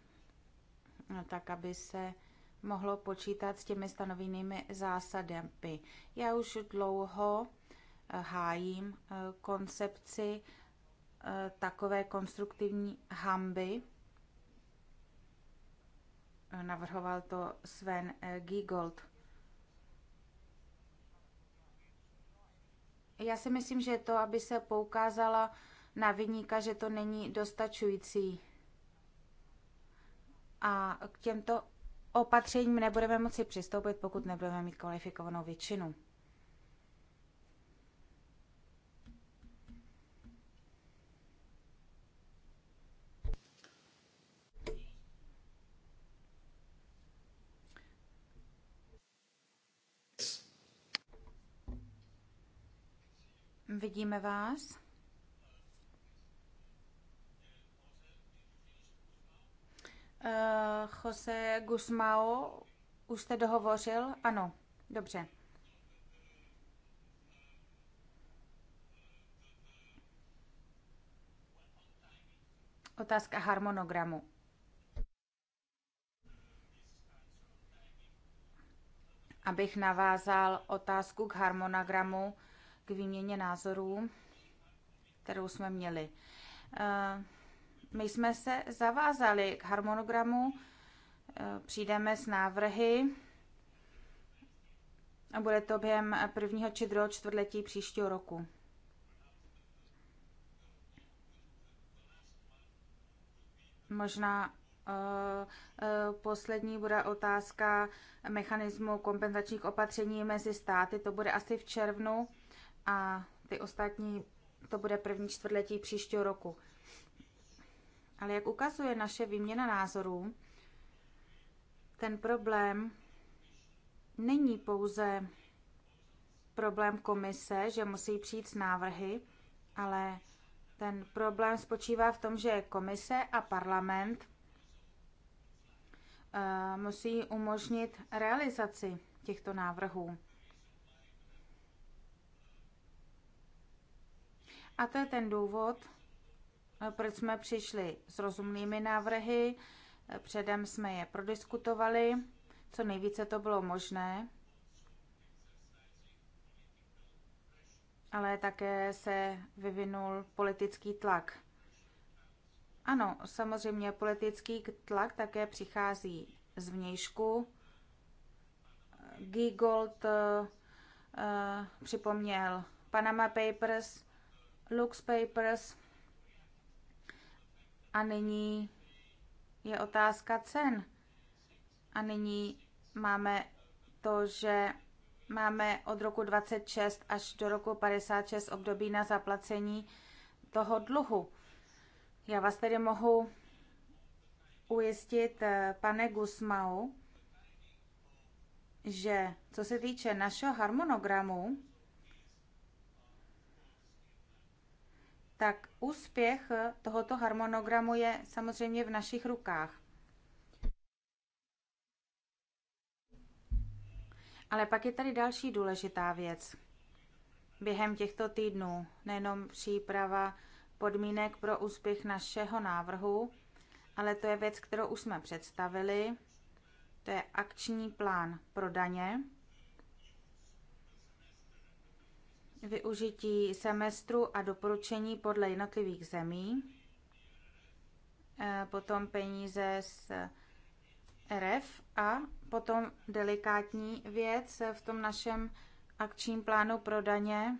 No, tak aby se mohlo počítat s těmi stanovenými zásadami. Já už dlouho eh, hájím eh, koncepci eh, takové konstruktivní hamby. Navrhoval to Sven Giegold. Já si myslím, že to, aby se poukázala na vyníka, že to není dostačující a k těmto opatřením nebudeme moci přistoupit, pokud nebudeme mít kvalifikovanou většinu. Vidíme vás. Eh, Jose Gusmao, už jste dohovořil? Ano, dobře. Otázka harmonogramu. Abych navázal otázku k harmonogramu, k výměně názorů, kterou jsme měli. Uh, my jsme se zavázali k harmonogramu, e, přijdeme s návrhy a bude to během prvního či druhého čtvrtletí příštího roku. Možná e, e, Poslední bude otázka mechanismu kompenzačních opatření mezi státy. To bude asi v červnu a ty ostatní to bude první čtvrtletí příštího roku. Ale jak ukazuje naše výměna názorů, ten problém není pouze problém komise, že musí přijít s návrhy, ale ten problém spočívá v tom, že komise a parlament eh, musí umožnit realizaci těchto návrhů. A to je ten důvod, proč jsme přišli s rozumnými návrhy. Předem jsme je prodiskutovali, co nejvíce to bylo možné. Ale také se vyvinul politický tlak. Ano, samozřejmě politický tlak také přichází z vnějšku. Gigold uh, eh, eh, připomněl Panama Papers, Lux Papers, a nyní je otázka cen. A nyní máme to, že máme od roku 26 až do roku 56 období na zaplacení toho dluhu. Já vás tedy mohu ujistit, eh, pane Gusmau, že co se týče našeho harmonogramu, tak úspěch tohoto harmonogramu je samozřejmě v našich rukách. Ale pak je tady další důležitá věc. Během těchto týdnů nejenom příprava podmínek pro úspěch našeho návrhu, ale to je věc, kterou už jsme představili. To je akční plán pro daně. využití semestru a doporučení podle jednotlivých zemí, eh, potom peníze z RF a potom delikátní věc v tom našem akčním plánu pro daně.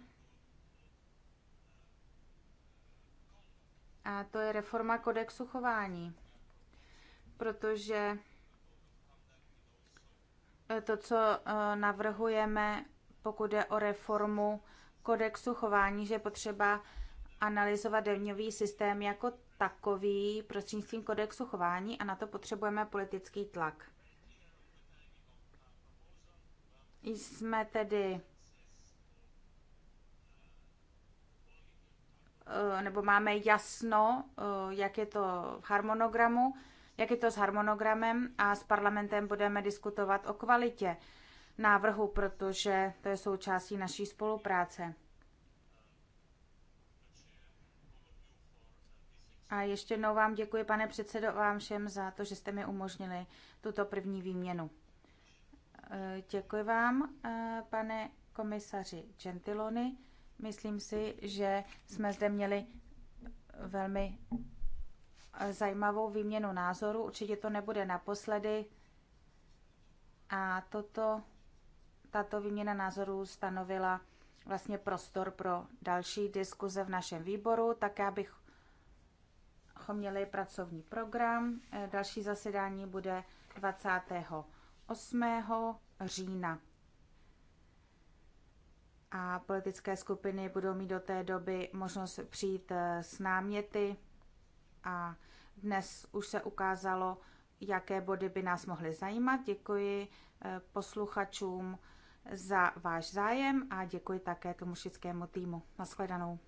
A to je reforma kodexu chování, protože eh, to, co eh, navrhujeme, pokud je o reformu kodexu chování, že je potřeba analyzovat daňový systém jako takový prostřednictvím kodexu chování a na to potřebujeme politický tlak. Jsme tedy eh, nebo máme jasno, eh, jak je to v harmonogramu, jak je to s harmonogramem a s parlamentem budeme diskutovat o kvalitě návrhu, protože to je součástí naší spolupráce. A ještě jednou vám děkuji, pane předsedo, vám všem za to, že jste mi umožnili tuto první výměnu. Eh, děkuji vám, eh, pane komisaři Gentiloni. Myslím si, že jsme zde měli velmi eh, zajímavou výměnu názoru. Určitě to nebude naposledy. A toto tato výměna názorů stanovila vlastně prostor pro další diskuze v našem výboru, tak bych měli pracovní program. Eh, další zasedání bude 28. října. A politické skupiny budou mít do té doby možnost přijít eh, s náměty. A dnes už se ukázalo, jaké body by nás mohly zajímat. Děkuji eh, posluchačům za váš zájem a děkuji také tomu šickému týmu. Naschledanou.